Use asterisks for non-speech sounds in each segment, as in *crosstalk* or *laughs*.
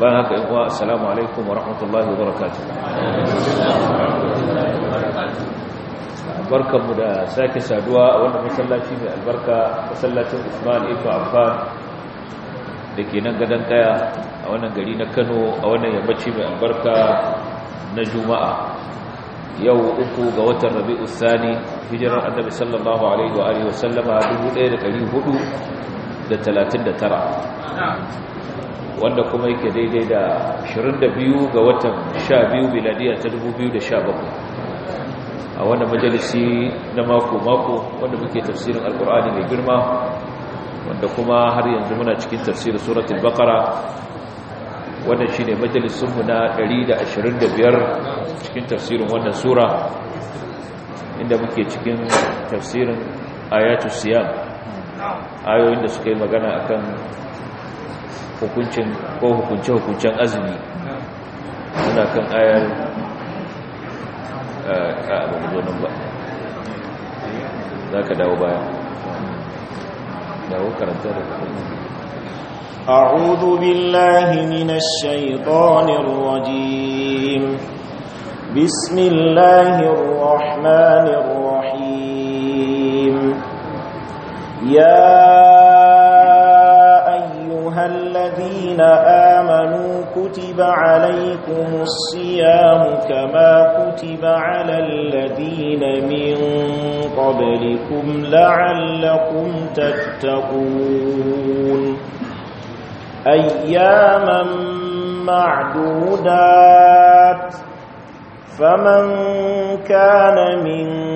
bayan haka yi kuwa assalamu alaikum wa rahmatullahi wa barakatu barkanmu da sake saduwa a wanda masallaci mai albarka masallacin usman ifa amfan da ke nan gadon kaya a wannan gari na kano a wannan yammaci mai albarka na juma'a yau uku ga watan rabi'u sani hijirar annabi sallallahu alaihi wa da wa sallama 1439 wanda kuma yake daidai da 22 ga watan 12 miladiya ta 2017 a wanda majalisi na mako-mako wanda muke tafsirin alkur'ani mai girma wanda kuma har yanzu muna cikin tafsirin suratul baqara shi shine majalisunmu na 125 cikin tafsirin wannan sura inda muke cikin tafsirin ayatul siyam ayoyin da suka yi magana akan hukuncin ko hukunci hukuncin azumi suna kan ayar a abu zo nan ba za ka dawo baya dawo karanta da أعوذ بالله من الشيطان الرجيم بسم الله الرحمن الرحيم يا الذين آمنوا كتب عليكم الصيام كما كتب على الذين من قبلكم لعلكم تتقون أياما معدودات فمن كان منكم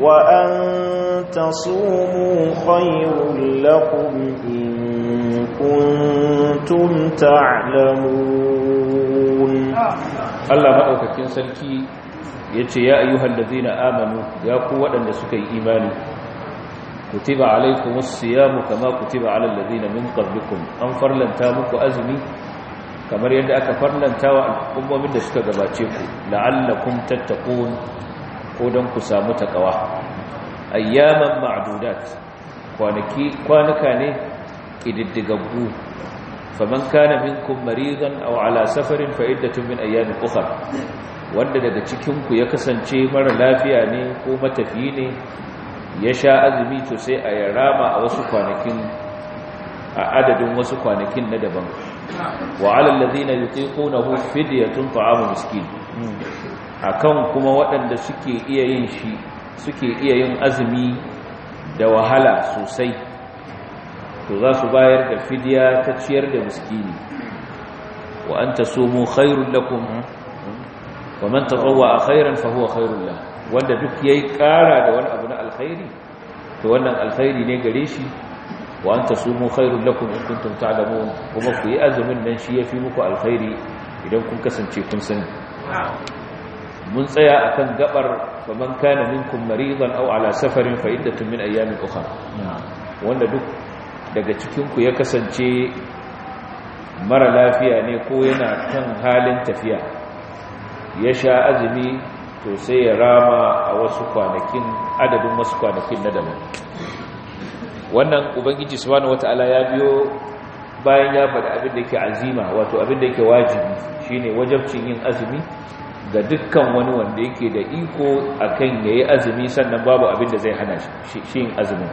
وأن تصوموا خير لكم إن كنتم تعلمون الله مأوكاكين سلكي yace ya ayyuhal ladina amanu ya ku waɗanda suka yi imani kutiba siya mu kama kutiba alal ladina min qablikum an farlanta muku azumi kamar yadda aka farlanta wa al'ummomin da suka gabace ku la'allakum tattaqun ko don ku samu takawa ayyaman ma'dudat kwanaki kwanuka ne kididdigaggu faman kana minkum maridan aw ala safarin fa iddatun min ayyamin ukhra wanda daga cikin ku ya kasance mara lafiya ne ko matafiyi ne ya sha azumi to sai a yarama a wasu kwanakin a adadin wasu kwanakin na daban wa alal ladina yutiqunahu fidyatun ma miskin akan kuma waɗanda suke iya yin shi suke iya yin azumi da wahala sosai to za su bayar da fidya ta ciyar da miskini wa an ta somo khairun lakum wa man taqawwa khairan fa huwa khairun la wanda duk yayi ƙara da wani abu na alkhairi to wannan alkhairi ne gare shi wa an ta somo khairun lakum in kuntum ta'lamun kuma ku yi azumin nan shi ya fi muku alkhairi idan kun kasance kun sani mun tsaya a kan gabar faman kana minkum maridan aw ala safarin fa iddatun min ayyamin ukhra wanda duk daga cikin ku ya kasance mara lafiya ne ko yana kan halin tafiya ya sha azumi to sai ya rama a wasu kwanakin adadin wasu kwanakin na daban wannan ubangiji subhanahu wataala ya biyo bayan ya faɗi abin da yake azima wato abin da yake wajibi shine wajabcin yin azumi ga dukkan wani wanda yake da iko a akan yayi azumi sannan babu abin da zai hana shi yin azumin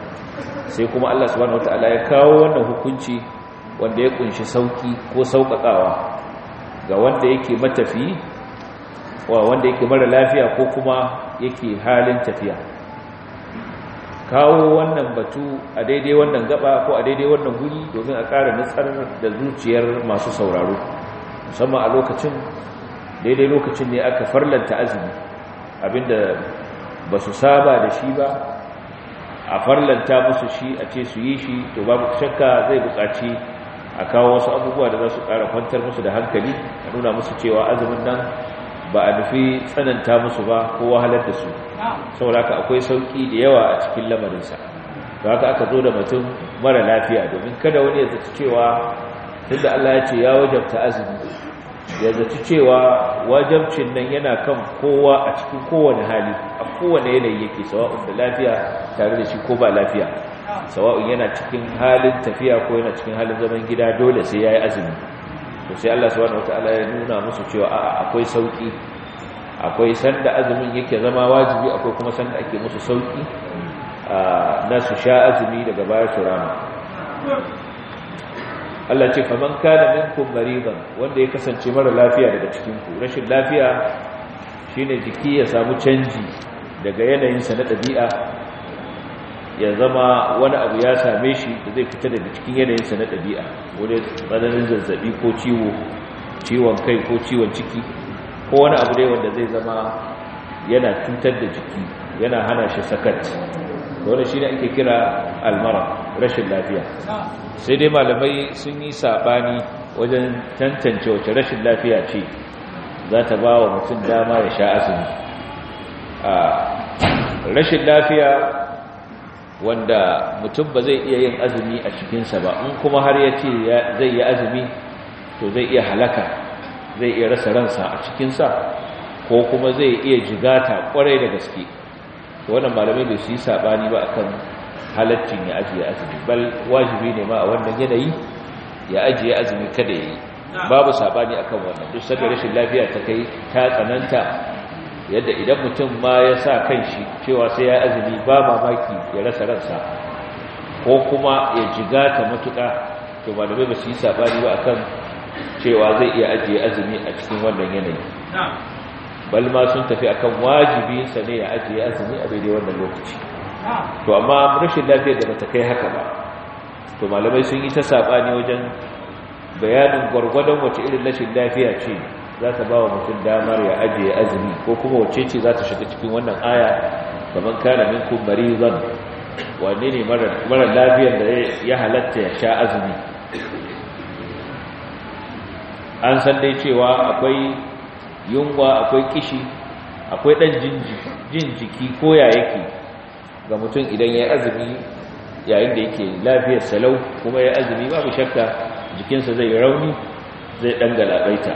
sai kuma Allah subhanahu wataala ya kawo wannan hukunci wanda ya kunshi sauki ko sauƙaƙawa ga wanda yake matafi wa wanda yake mara lafiya ko kuma yake halin tafiya kawo wannan batu a daidai wannan gaba ko a daidai wannan guri domin a ƙara nutsar da zuciyar masu sauraro musamman a lokacin daidai lokacin ne aka farlanta azumi abinda ba su saba da shi ba a farlanta musu shi a ce su yi shi to babu shakka zai buƙaci a kawo wasu abubuwa da za su ƙara kwantar musu da hankali a nuna musu cewa azumin nan ba a nufi tsananta musu ba ko wahalar da su saboda akwai sauƙi da yawa a cikin lamarinsa da haka aka zo da mutum mara lafiya domin kada wani ya zaci cewa tunda Allah ya ce ya wajabta azumi ya zaci cewa wajabcin nan yana kan kowa a cikin kowane hali a kowane yanayi yake sawa'un da lafiya tare da shi ko ba lafiya sawa'un yana cikin halin tafiya ko yana cikin halin zaman gida dole sai ya yi azumi to sai Allah subhanahu ala ya nuna musu cewa a akwai sauƙi, akwai sanda azumin yake zama wajibi akwai kuma sanda ake musu sauki ah, na su sha azumi daga baya su Allah ce faman kana minkum maridan wanda ya kasance mara lafiya daga cikin ku rashin lafiya shine jiki ya samu canji daga yanayin sa na dabi'a ya zama wani abu ya same shi da zai fita daga cikin yanayin sa na dabi'a wani tsananin zazzabi ko ciwo ciwon kai ko ciwon ciki ko wani abu dai wanda zai zama yana cutar da jiki yana hana shi sakat wani shi ne ake kira almara rashin lafiya sai dai malamai sun yi saɓani wajen tantance wace rashin lafiya ce za ta ba wa mutum dama ya sha azumi a rashin lafiya wanda mutum ba zai iya yin azumi a cikinsa ba in kuma har ya ce zai yi azumi to zai iya halaka zai iya rasa ransa a cikinsa ko kuma zai iya jigata kwarai da gaske to wannan malamai da su yi sabani ba akan halaccin ya ajiye azumi bal wajibi ne ma a wannan yanayi ya ajiye azumi kada ya yi babu sabani akan wannan duk sanda rashin lafiya ta kai ta tsananta yadda idan mutum ma ya sa kan shi cewa sai ya azumi ba mamaki ya rasa ransa ko kuma ya jiga ta matuƙa to malamai ba su yi sabani ba akan cewa zai iya ajiye azumi a cikin wannan yanayi bal ma sun tafi akan wajibi sa ne ya ajiye azumi a daidai wannan lokaci to amma rashin lafiyar da bata kai haka ba to malamai sun yi ta sabani wajen bayanin gwargwadon wace irin rashin lafiya ce za ta ba wa mutum damar ya ajiye azumi ko kuma wace ce za ta shiga cikin wannan aya kamar kana bari zan. wani ne mara lafiyar da ya halatta ya sha azumi an san dai cewa akwai yunwa akwai kishi akwai ɗan jin jiki ko ya yake ga mutum idan ya azumi yayin da yake lafiyar salau kuma ya azumi babu shakka jikinsa zai rauni zai ɗan galabaita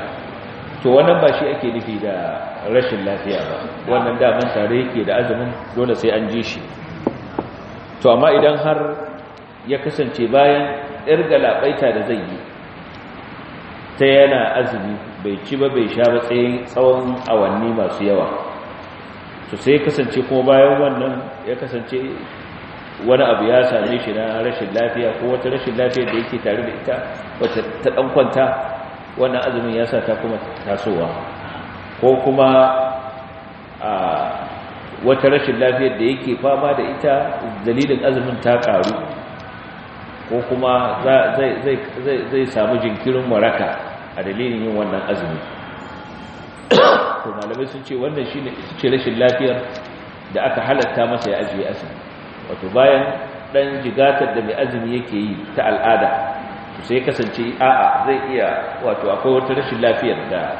to wannan ba shi ake nufi da rashin lafiya ba wannan daman tare yake da azumin dole sai an ji shi to amma idan har ya kasance bayan 'yar galabaita da zai yi ta yana azumi bai ci ba bai sha ba tsayin tsawon awanni masu yawa to sai kasance kuma bayan wannan ya kasance wani abu ya same shi na rashin lafiya ko wata rashin lafiya da yake tare da ita wata ta kwanta wannan azumin ya sa ta kuma tasowa ko kuma a wata rashin lafiyar da yake fama da ita dalilin azumin ta ƙaru. ko kuma zai samu jinkirin waraka a dalilin yin wannan azumi to malamai sun ce wannan shi ne ce rashin lafiyar da aka halatta masa ya ajiye azumi wato bayan ɗan jigatar da mai azumi yake yi ta al'ada to sai kasance a'a zai iya wato akwai wata rashin lafiyar da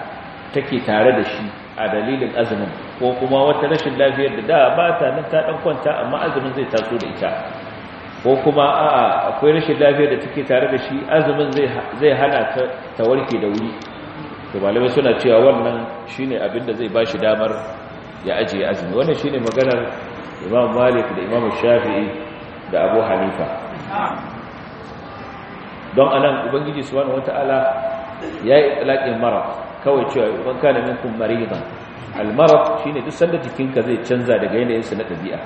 take tare da shi a dalilin azumin ko kuma wata rashin lafiyar da da ba ta nan ta ɗan kwanta amma azumin zai taso da ita ko kuma a'a akwai rashin lafiyar da take tare da shi azumin zai hana ta warke da wuri to malamai suna cewa wannan shine abin da zai ba shi damar ya ajiye azumi wannan shine maganar imam malik da imam shafi'i da abu hanifa don anan ubangiji subhanahu wataala ya yi talaƙin mara kawai cewa ban kana minkum maridan al marad shine duk sanda jikinka zai canza daga yanayinsa na ɗabi'a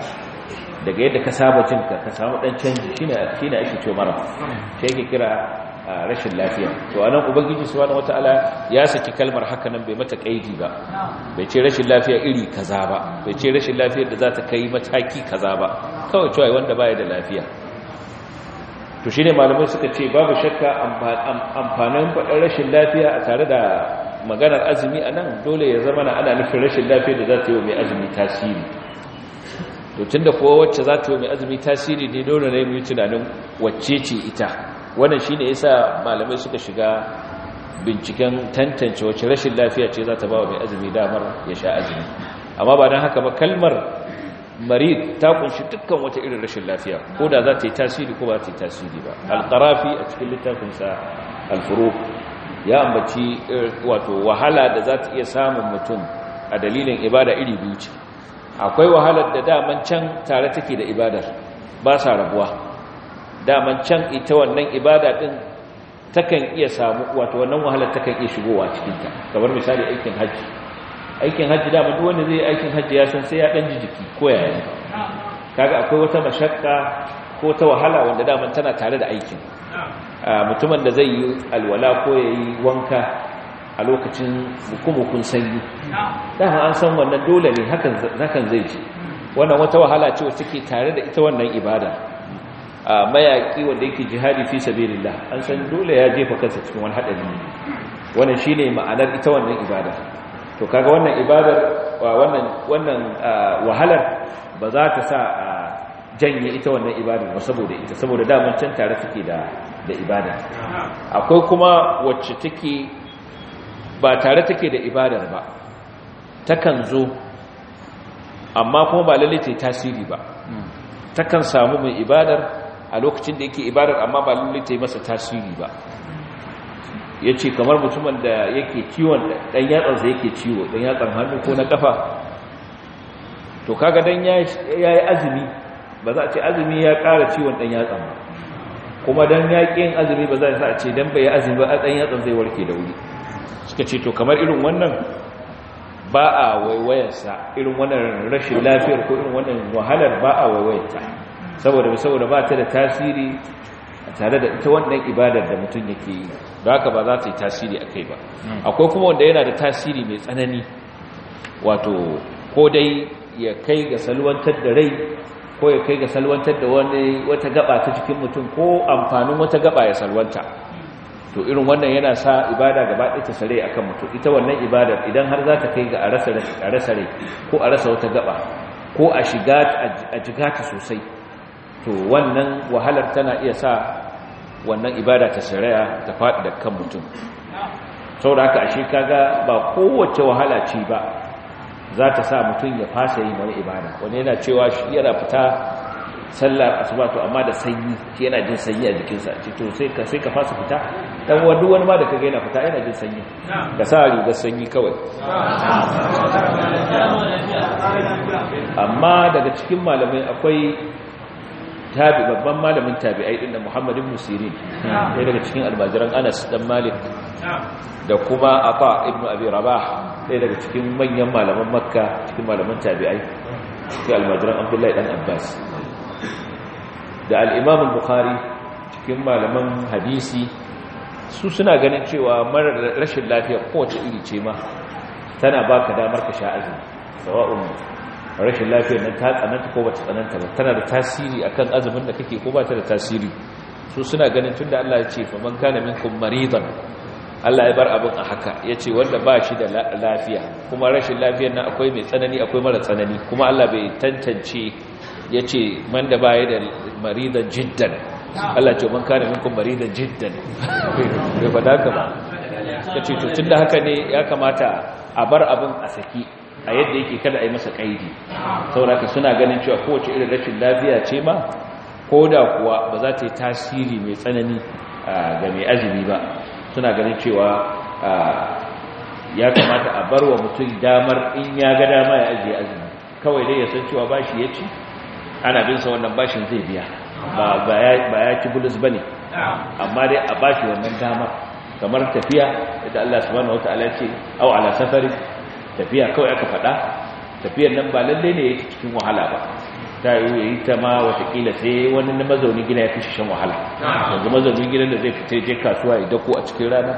daga yadda ka saba jin ka ka samu dan canji shine shine ake cewa mara sai ke kira rashin lafiya to anan ubangiji subhanahu wataala ya saki kalmar haka nan bai mata kaidi ba bai ce rashin lafiya iri kaza ba bai ce rashin lafiyar da za ta kai mataki kaza ba kawai cewa wanda baya da lafiya to shine malamai suka ce babu shakka amfanin faɗin rashin lafiya a tare da maganar azumi anan dole ya zama na ana nufin rashin lafiya da za ta yi wa mai azumi tasiri to tunda kowa wacce za ta yi mai azumi tasiri ne dole ne mai tunanin wacce ce ita wannan shine yasa malamai suka shiga binciken tantance wacce rashin lafiya ce za ta ba wa mai azumi damar ya sha azumi amma ba don haka ba kalmar marid ta kunshi dukkan wata irin rashin lafiya ko da za ta yi tasiri ko ba ta yi tasiri ba alƙarafi a cikin littafinsa alfuro ya ambaci eh, wato wahala da za ta iya samun mutum a dalilin ibada iri biyu ce akwai wahalar da daman can tare take da ibadar ba sa rabuwa daman can ita wannan ibada din takan iya samu wato wannan wahalar takan iya shigowa cikin ta kamar misali aikin haji aikin haji daman duk wanda zai aikin haji ya san sai ya dan jijiki ko ya yi kaga akwai wata mashakka ko ta wahala wanda daman tana tare da aikin ah, mutumin da zai yi alwala ko yayi wanka a lokacin hukumukun sanyi dama an san wannan dole ne hakan zai ji wannan wata wahala ce wacce ke tare da ita wannan ibada a mayaki wanda yake jihadi fi sabilillah an san dole ya jefa kansa cikin wani hadari wannan shine ma'anar ita wannan ibada to kaga wannan ibadar wannan wannan wahalar ba za ta sa a janye ita wannan ibadar ba saboda ita saboda daman can tare take da da ibada akwai kuma wacce take ba tare take da ibadar ba takan zo amma kuma ba lalle ta tasiri ba takan samu mai ibadar a lokacin da yake ibadar amma ba lalle ta yi masa tasiri ba ya ce kamar mutumin da yake ciwon ɗan yatsansa yake ciwo ɗan yatsan hannu ko na ƙafa to kaga dan ya yi azumi ba za a ce azumi ya ƙara ciwon ɗan yatsan ba kuma dan yaƙin azumi ba za a ce dan bai azumi ba ɗan yatsan zai warke da wuri suka ce to kamar irin wannan ba a waiwayarsa irin wannan rashin lafiyar ko irin wannan wahalar ba a waiwayarta saboda saboda ba ta da tasiri tare da ita wannan ibadar da mutum yake yi ba haka ba za ta yi tasiri a kai ba hmm. akwai kuma wanda yana da tasiri mai tsanani wato ko dai ya kai ga salwantar da rai ko ya kai ga salwantar da wani wata gaba ta jikin mutum ko amfanin wata gaba ya salwanta to irin wannan yana sa ibada gaba ɗaya ta sare akan mutum ita wannan ibada idan har za ta kai ga a rasa rai ko a rasa wata gaba ko a shiga a jiga ta sosai to wannan wahalar tana iya sa wannan ibada ta saraya ta faɗi da kan mutum da haka ashe kaga ba kowace wahala ce ba za ta sa mutum ya fasa yin wani ibada wani yana cewa shi yana fita sallar asuba amma da sanyi yana jin sanyi a jikinsa sai ka fasa fita dan wani wani ma da kaga yana fita yana jin sanyi ka sa rigar sanyi kawai amma daga cikin malamai akwai tabi babban malamin tabi'ai din da Muhammad Musirin sai daga cikin almajiran Anas dan Malik da kuma Afa ibn Abi Rabah sai daga cikin manyan malaman Makka cikin malaman tabi'ai cikin almajiran Abdullahi dan Abbas da al-Imam al-Bukhari cikin malaman hadisi su suna ganin cewa marar rashin lafiya kowace iri ce ma tana baka damar ka sha azumi sawa'un rashin lafiya na ta tsananta ko bata tsananta ba tana da tasiri akan azumin da kake ko ba ta da tasiri su suna ganin tun da Allah ya ce fa man kana minkum maridan Allah ya bar abin a haka ya ce wanda ba shi da lafiya kuma rashin lafiyar na akwai mai tsanani akwai mara tsanani kuma Allah bai tantance ya ce man da ba ya da maridan jiddan Allah ce man kana minkum maridan jiddan bai fada ka ba kace to tunda haka ne ya kamata a bar abin a saki a yadda yake kada a masa kaidi saboda suna ganin cewa kowace irin rashin lafiya ce ma ko da kuwa ba za ta yi tasiri mai tsanani ga mai azumi ba suna ganin cewa ya kamata a bar wa mutum damar in ya ga dama ya ajiye azumi kawai dai ya san cewa bashi ya ci ana bin sa wannan bashin zai biya ba ya ci bulus ba ne amma dai a bashi wannan dama kamar tafiya da Allah subhanahu wata'ala ce au ala safari tafiya kawai aka faɗa tafiyar nan ba lalle ne yake cikin wahala ba ta yi yi ta ma watakila sai wani na mazaunin gida ya fi shi shan wahala yanzu mazaunin gidan da zai fita je kasuwa ya dako a cikin rana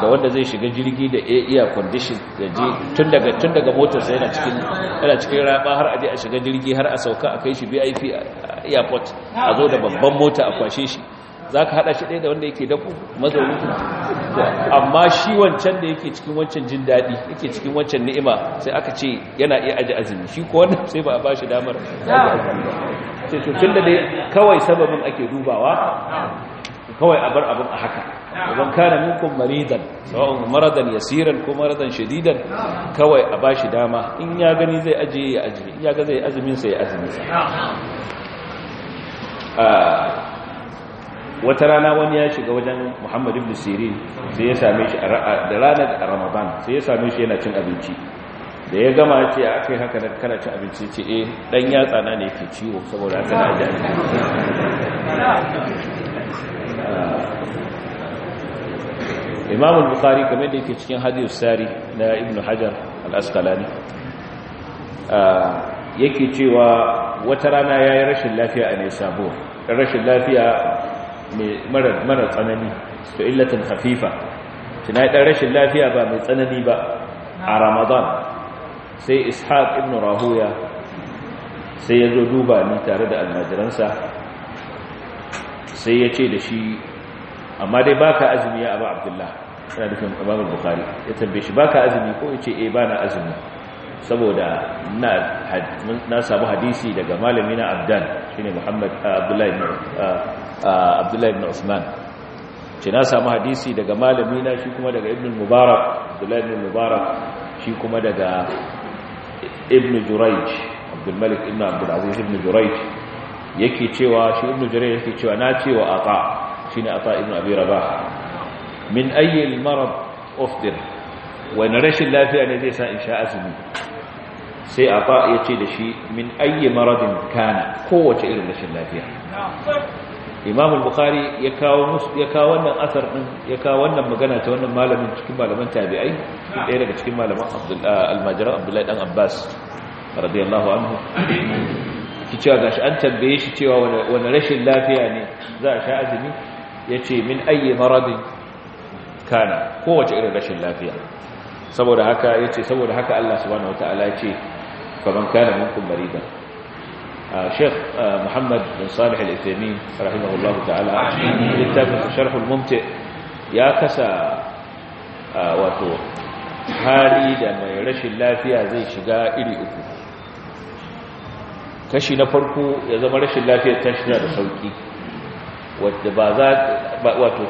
da wanda zai shiga jirgi da air condition da je tun daga motar sai yana cikin rana raba har a je a shiga jirgi har a sauka a kai shi a airport a zo da babban mota a kwashe shi za ka haɗa shi ɗaya da wanda yake dafu? mazaunin amma shi wancan da yake cikin wancan jin daɗi yake cikin wancan ni'ima sai aka ce yana iya aji azumi shi ko wannan sai ba a ba shi damar sai tun da dai kawai sababin ake dubawa kawai a bar abin a haka ban kare minkum maridan sawa'un maradan yasiran ko maradan shadidan kawai a shi dama in ya gani zai aji ya aji in ya ga zai azumin sai ya azumin sa wata rana wani ya shiga wajen Muhammadu ibn sirin sai ya same shi da ranar a ramadan sai ya same shi yana cin abinci da ya gama ce a kai haka da kana cin abinci ce eh dan yatsa na ne ke ciwo saboda haka na ajiya ah. imam bukhari kamar da yake cikin hadith sari na ibn hajar al-asqalani ah, yake cewa wata rana ya yi rashin lafiya a nesa sabo rashin lafiya mara tsanani to illatin hafifa tana ɗan rashin lafiya ba mai tsanani ba a ramadan sai ishaq ibn rahuya sai ya zo duba ni tare da almajiransa sai ya ce da shi amma dai baka azumi ya abu abdullah yana nufin imamul bukari ya tambaye shi baka azumi ko ya ce eh, ba na azumi saboda na samu hadisi daga malami na abdan shine muhammad ah, abdullahi ah, abdullahi ibn usman ce na samu hadisi daga malami na shi kuma daga ibn mubarak abdullahi ibn mubarak shi kuma daga ibn jurayj abdul malik ibn abdul aziz ibn jurayj yake cewa shi ibn jurayj yake cewa na cewa ata shine ata ibn abi rabah min ayi al marad ufdir wani rashin lafiya ne zai sa in sha azumi sai a ba ya ce da shi min ayi maradin kana kowace irin rashin lafiya imam bukhari ya kawo ya kawo wannan asar din ya kawo wannan magana ta wannan malamin cikin malaman tabi'ai ɗaya daga cikin malaman al abdullahi dan abbas radiyallahu anhu kici ga an tambaye shi cewa wani rashin lafiya ne za a sha azumi yace min aiye maradin kana kowace irin rashin lafiya saboda haka yace saboda haka Allah subhanahu ya yace faman kana minkum maridan شيخ محمد بن صالح الإثيمين رحمه الله تعالى للتابع شرح الممتع ya kasa wato hari da mai rashin lafiya zai shiga iri uku kashi na farko ya zama rashin lafiyar ta shiga da sauki wadda ba za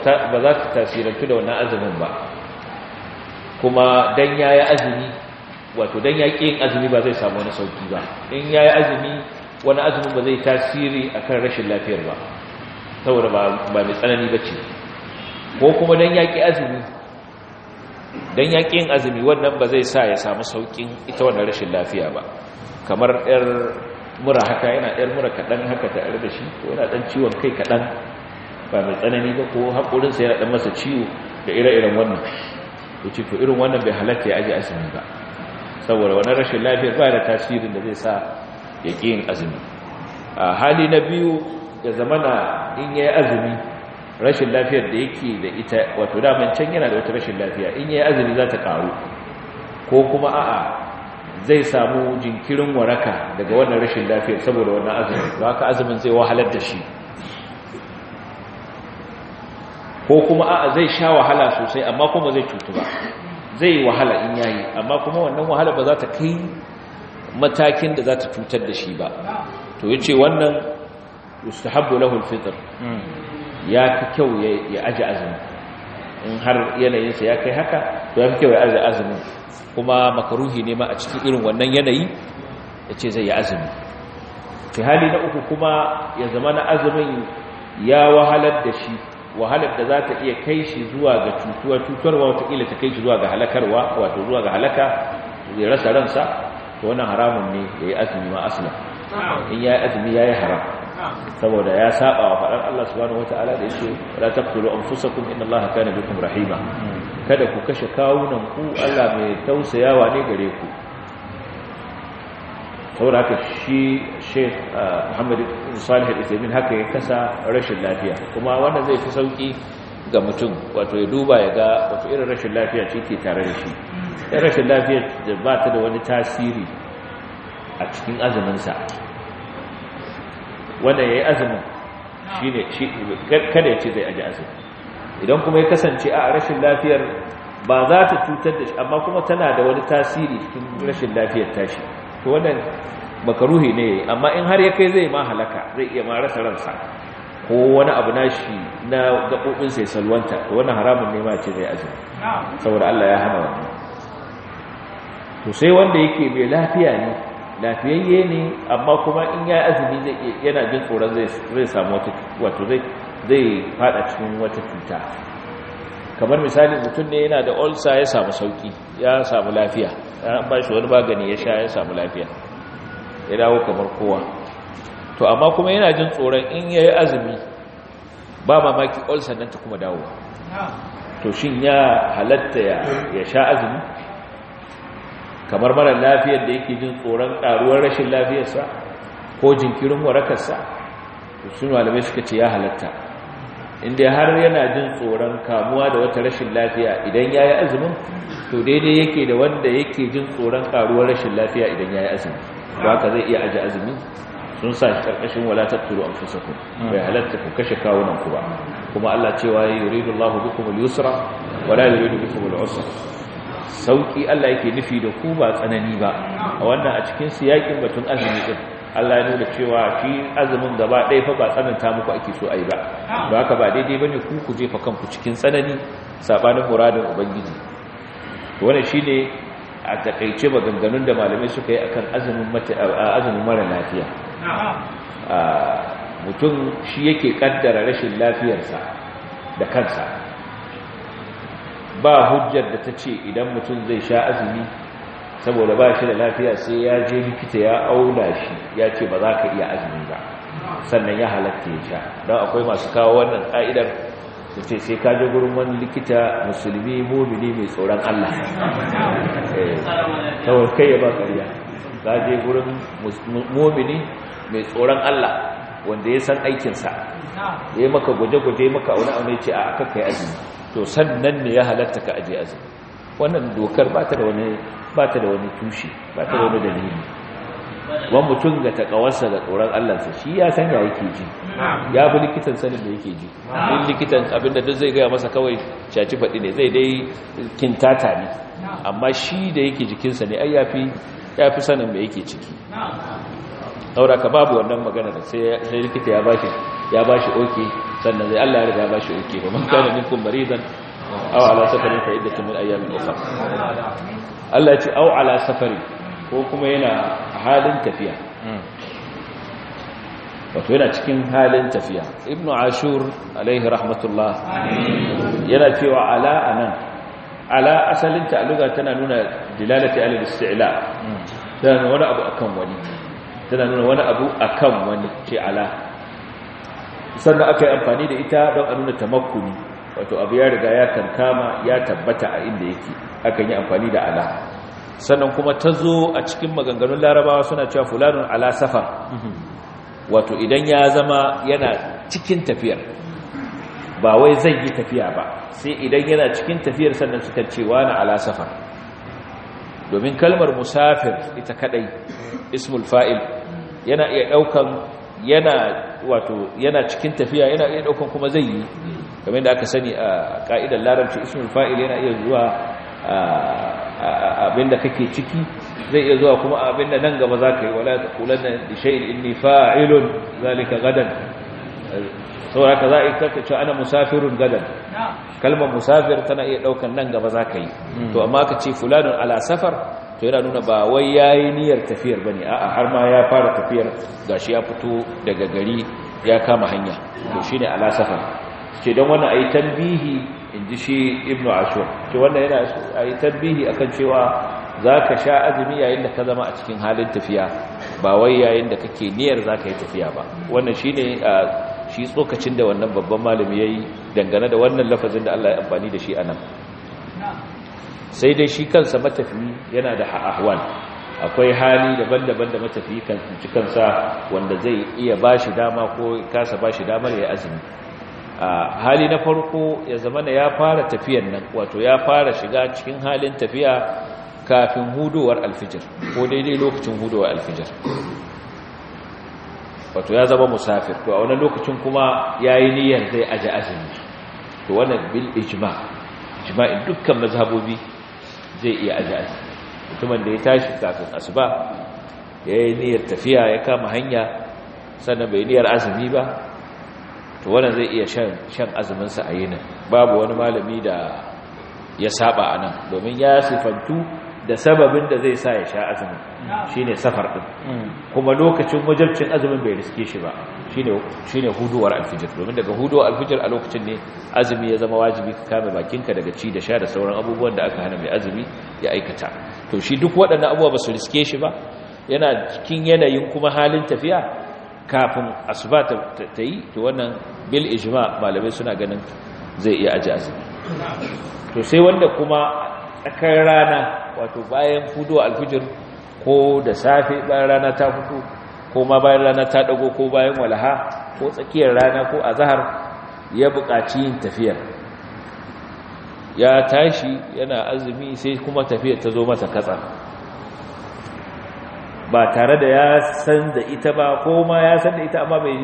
ta tasirantu da wannan azumin ba kuma don ya yi azumi wato don ya ƙi yin azumi ba zai samu wani ba in ya yi azumi wani azumin ba zai tasiri a kan rashin lafiyar ba saboda ba mai tsanani ba ce ko kuma don yaƙi azumi don yaƙin azumi wannan ba zai sa ya samu sauƙin ita wannan rashin lafiya ba kamar ɗar mura haka yana ɗar mura kaɗan haka tare da shi ko yana ɗan ciwon kai kaɗan ba mai tsanani ba ko haƙurinsa yana ɗan masa ciwo da ire-iren wannan wuce to irin wannan bai halatta ya aji azumi ba saboda wani rashin lafiyar ba da tasirin da zai sa ya yin azumi a hali na biyu ya zamana in ya yi azumi rashin lafiyar da yake da ita wato daman can yana da wata rashin lafiya in ya yi azumi za ta ƙaru ko kuma a'a zai samu jinkirin waraka daga wannan rashin lafiyar saboda wannan azumin ba ka azumin zai wahalar da shi ko kuma a'a zai sha wahala sosai amma kuma zai cutu ba zai wahala in yayi amma kuma wannan wahala ba za ta kai matakin da za ta cutar da shi ba to ya ce wannan yustahabbu lahul alfitr ya fi kyau ya aji azumi in har yanayinsa ya kai haka to ya fi kyau ya aji azumi kuma makaruhi ne ma a cikin irin wannan yanayi ya ce zai yi azumi fi hali na uku kuma ya zama na azumin ya wahalar da shi wahalar da za ta iya kai shi zuwa ga cutuwa cutarwa watakila ta kai shi zuwa ga halakarwa wato zuwa ga halaka ya rasa ransa to wannan haramun ne ya yi azumi ma asla in ya yi azumi ya yi haram saboda ya saba wa faɗar Allah subhanahu wata'ala da yake la taqtulu anfusakum inna Allaha kana bikum rahima hmm. kada ku kashe kawunan ku Allah mai tausayawa ne gare ku saboda haka shi Sheikh ah, Muhammad Salih Al-Uthaymeen haka ya kasa rashin lafiya kuma wanda zai fi sauki ga mutum wato ya duba ya ga wato irin rashin lafiya ce ke tare da shi rashin lafiyar da ba ta da wani tasiri a cikin azuminsa wanda ya yi azumin shi ne kada ya ce zai aji azumin? idan kuma ya kasance a rashin lafiyar ba za ta cutar da shi amma kuma tana da wani tasiri cikin rashin lafiyar tashi to wannan makaruhi ne amma in har ya kai zai ma halaka zai iya ma rasa ransa ko wani abu na nashi na gaɓoɓinsa ya salwanta wani haramun ne ma ce zai azumi saboda Allah ya hana wannan to sai wanda yake mai lafiya ne lafiyayye ne amma kuma in ya azumi yana jin tsoron zai samu wata wato zai fada cikin wata cuta kamar misali mutum ne yana da ulcer ya samu sauki ya samu lafiya an ba shi wani magani ya sha ya samu lafiya ya dawo kamar kowa to amma kuma yana jin tsoron in ya yi azumi ba mamaki ulcer nan ta kuma dawowa to shin ya halatta ya sha azumi kamar mara lafiyar da yake jin tsoron karuwar rashin lafiyarsa ko jinkirin warakarsa su malamai suka ce ya halatta inda har yana jin tsoron kamuwa da wata rashin lafiya idan ya yi azumin to daidai yake da wanda yake jin tsoron karuwar rashin lafiya idan ya yi azumi ba ka zai iya aji azumi sun sa shi karkashin walatar turu an fusa ku bai halatta ku kashe kawunan ku ba kuma Allah cewa ya yuridu Allah bikum al-yusra wa la yuridu bikum al-usra sauki Allah yake nufi da ku ba tsanani ba a wannan a cikin su yakin batun azumi din Allah ya nuna cewa shi azumin gaba ɗaya fa ba tsananta muku ake so ai ba ba haka ba daidai bane ku ku jefa kanku cikin tsanani sabanin muradin ubangiji wannan shine a takaice maganganun da malamai suka yi akan azumin azumin mara lafiya mutum shi yake kaddara rashin lafiyarsa da kansa ba hujjar da ta ce idan mutum zai sha azumi saboda ba shi da lafiya sai ya je likita ya aula shi ya ce ba za ka iya azumi ba sannan ya halatta ya sha don akwai masu kawo wannan ƙa'idar su ce sai ka je gurin wani likita musulmi mumini mai tsoron Allah saboda eh, kai ya ba ƙarya ka je gurin mumini mai tsoron Allah wanda ya san aikinsa ya maka gwaje-gwaje maka wani abu ne ce a aka kai azumi to sannan ne ya halatta ka aje azumi wannan dokar ba ta da wani da tushe ba ta da wani dalili wani mutum ga takawarsa ga tsoron allansa shi ya san ya yake ji ya bi likitan sanin da yake ji in likitan abinda duk zai gaya masa kawai shaci faɗi ne zai dai kintata ne amma shi da yake jikinsa ne ai ya fi sanin da yake ciki daura ka babu wannan magana da sai likita ya baki ya bashi oke sannan zai Allah ya riga bashi oke ba man kana minkum maridan aw ala safarin fa iddatun min ayamin ukhra Allah ya ce aw ala safari ko kuma yana halin tafiya wato yana cikin halin tafiya ibnu ashur alaihi rahmatullah yana cewa ala anan ala asalinta a luga tana nuna dilalati alal isti'la tana nuna wani abu akan wani tana nuna wani abu akan wani ce ala sannan aka yi amfani da ita don a nuna tamakuni wato abu ya riga ya kankama ya tabbata a inda yake akan yi amfani da ala sannan kuma ta zo a cikin maganganun larabawa suna cewa fulanun ala safar wato idan ya zama yana cikin tafiyar ba wai zai yi tafiya ba sai idan yana cikin tafiyar sannan suka cewa na ala safar domin kalmar musafir ita kadai ismul fa'il yana iya ɗaukan. yana wato yana cikin tafiya yana iya daukan kuma zai yi kamar yadda aka sani a ka'idar larabci ismul fa'il yana iya zuwa abinda kake ciki zai iya zuwa kuma abinda nan gaba ka yi wala kulanna li shay'in inni fa'ilun zalika gadan saboda ka za a yi karkace ana musafirun gadan kalmar musafir tana iya daukan nan gaba za ka yi hmm. to amma ka ce fulanin ala safar to yana nuna ba wai ya yi niyyar tafiyar ba ne a'a har ma ya fara tafiyar ga shi ya fito daga gari ya kama hanya to shi ne ala safar ce don wannan a yi tambihi in ji shi ibnu ashur ce wannan yana a yi tambihi akan cewa za ka sha azumi yayin da ka zama a cikin halin tafiya ba wai yayin da kake niyyar za ka yi tafiya ba wannan shi ne shi tsokacin da wannan babban malami ya yi dangane da wannan lafazin da Allah ya amfani da shi a nan sai dai shi kansa matafi yana da ahwan akwai hali daban-daban da matafi kan ci kansa wanda zai iya ba shi dama ko kasa ba shi damar ya azumi hali na farko ya zama ya fara tafiyan nan wato ya fara shiga cikin halin tafiya kafin hudowar alfijir ko daidai lokacin hudowar alfijir wato ya zama musafir to a wani lokacin kuma ya yi niyyar zai aji azumi to wani bil ijma ijma'in dukkan mazhabobi zai iya aji azumi mutumin da ya tashi kafin asuba ya yi niyyar tafiya ya kama hanya sannan bai niyyar azumi ba to wani zai iya shan azuminsa a yinin babu wani malami da ya saba a nan domin ya sifantu da sababin da zai sa ya sha azumin shine safar din kuma lokacin wajabcin azumin bai riske shi ba shine shine huduwar alfijir domin daga huduwar alfijir a lokacin ne azumi ya zama wajibi ka kame bakinka daga ci da sha da sauran abubuwan da aka hana mai azumi ya aikata to shi duk waɗannan abubuwa ba su riske shi ba yana cikin yanayin kuma halin tafiya kafin asuba ta yi to wannan bil ijma malamai suna ganin zai iya aji azumi to sai wanda kuma tsakar rana wato bayan fudo alfijir ko da safe bayan rana ta fito ko ma bayan rana ta dago ko bayan walaha ko tsakiyar rana ko azhar ya buƙaci yin tafiya ya tashi yana azumi sai kuma tafiya ta zo masa katsa ba tare da ya san da ita ba ko ma ya san da ita amma bai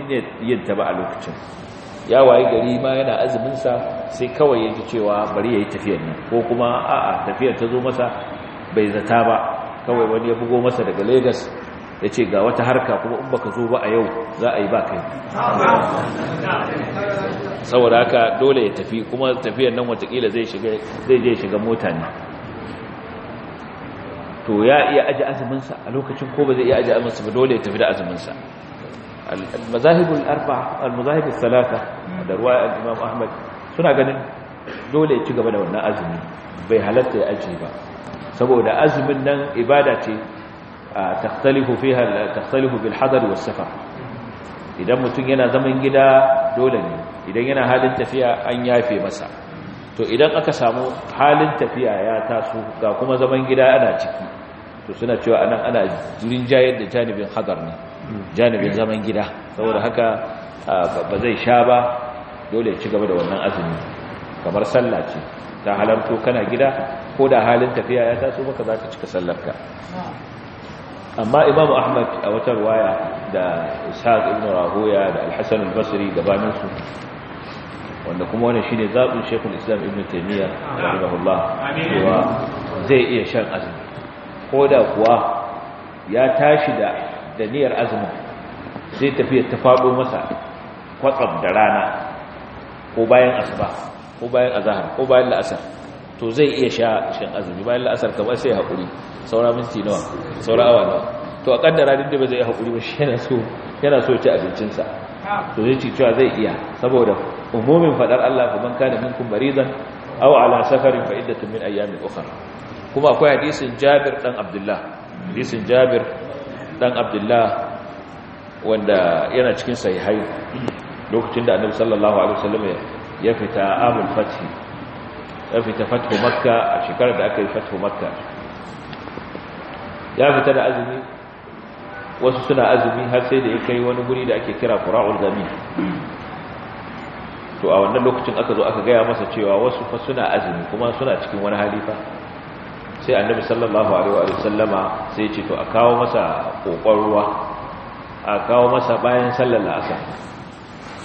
yin ta ba a lokacin ya waye gari ma yana azuminsa sai kawai yake cewa bari ya yi tafiyar nan ko kuma a'a tafiyar ta zo masa bai zata ba kawai wani ya bugo masa daga lagos ya ce ga wata harka kuma in baka zo ba a yau za a yi ba kai saboda haka dole ya tafi kuma tafiyar nan watakila zai je shiga mota ne to ya iya azumin azuminsa a lokacin ko ba zai iya aji azuminsa ba dole ya tafi da azuminsa المذاهب الاربعه المذاهب الثلاثه da ruwa imam ahmad suna ganin dole ya ci gaba da wannan azumi bai halatta ya aji ba saboda azumin nan ibada ce takhtalifu fiha takhtalifu bil hadar was idan mutum yana zaman gida dole ne idan yana halin tafiya an yafe masa to idan aka samu halin tafiya ya taso ga kuma zaman gida ana ciki to suna cewa anan ana jurin jayar da janibin hadar ne janibin zaman gida saboda haka ba zai sha ba dole ya ci gaba da wannan azumi kamar sallah ce ta halarto kana gida ko da halin tafiya ya taso maka za cika sallarka amma imamu ahmad a wata ruwaya da ishaq ibn rahoya da alhassan al-basri gabaninsu wanda kuma wani shine zaɓin shekul islam ibn taimiyya rahimahullah cewa zai iya shan azumi ko da kuwa ya tashi da da niyyar azumi sai tafiya ta faɗo masa kwatsam da rana ko bayan asuba ko bayan azahar ko bayan la'asar to zai iya sha shan azumi bayan la'asar kamar sai hakuri, saura minti nawa saura awa nawa to a kaddara duk da ba zai hakuri ba *laughs* shi yana so yana so ci abincinsa to zai ci cewa zai iya saboda umumin fadar Allah fa man kana minkum maridan aw ala safarin fa iddatun min ayyamin ukhra kuma akwai hadisin Jabir dan Abdullah hadisin Jabir dan Abdullah wanda yana cikin sahihai lokacin da annabi sallallahu alaihi wasallam ya fita amul fathi ya fita fathu makka a shekarar da aka yi fathu makka ya fita da azumi wasu suna azumi har sai da ya kai wani guri da ake kira qura'ul gami to a wannan lokacin aka zo aka gaya masa cewa wasu fa suna azumi kuma suna cikin wani hali fa sai annabi sallallahu alaihi wa sallama sai ya ce to a kawo masa kokon ruwa a kawo masa bayan sallar la'asar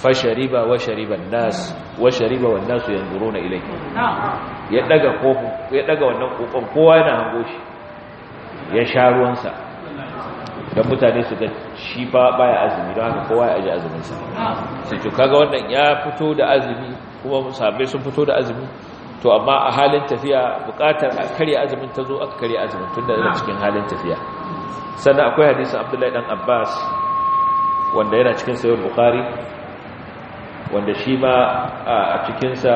fashariba wa shariban nas wa shariba wa nasu yanzuruna ilayhi ya daga kofin ya daga wannan kokon kowa yana hango shi ya sha ruwan sa dan mutane su ga shi ba baya azumi don haka kowa ya aje azumin sa sai to kaga wannan ya fito da azumi kuma sabai sun fito da azumi to amma a halin tafiya bukatar a karya azumin ta zo aka karya azumin tun da cikin halin tafiya sannan akwai hadisi abdullahi dan abbas wanda yana cikin sayyid Bukhari. wanda shi ma a cikinsa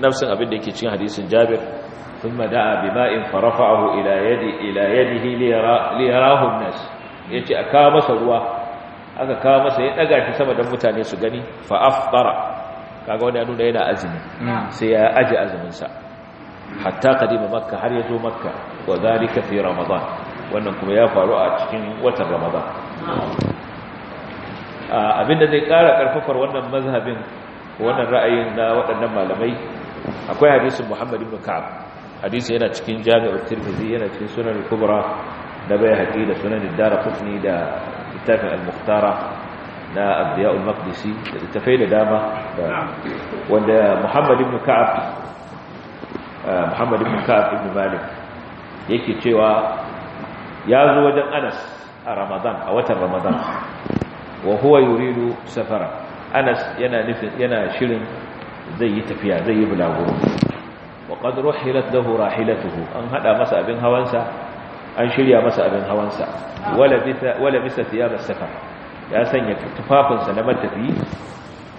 nafsin abin da yake cikin hadisin jabir ثم دعا بماء فرفعه الى يدي الى يده ya ce yace kawo masa ruwa aka kawo masa ya daga shi sama don mutane su gani fa afṭara kaga wani ya yana azumi sai ya ajiye azuminsa hatta qadima makka har zo makka wa zalika fi ramadan wannan kuma ya faru a cikin watan ramadan abinda zai kara karfafar wannan mazhabin wannan ra'ayin na waɗannan malamai akwai hadisin Muhammad ibn Ka'ab hadisi yana cikin Jami'ul Tirmidhi yana cikin Sunan al-Kubra da Baihaqi da Sunan ad-Darqutni da littafin al-Mukhtara na Abdiya al-Maqdisi da littafai da dama wanda Muhammad ibn Ka'ab Muhammad ibn Ka'ab ibn Malik yake cewa ya zo wajen Anas a Ramadan a watan Ramadan wa huwa yuridu safara anas yana nufin yana shirin zai yi tafiya zai yi bulaguro wa qad ruhilat lahu rahilatuhu an hada masa abin hawansa an shirya masa abin hawansa wala bisa wala bisa safar ya sanya tufafinsa na matafi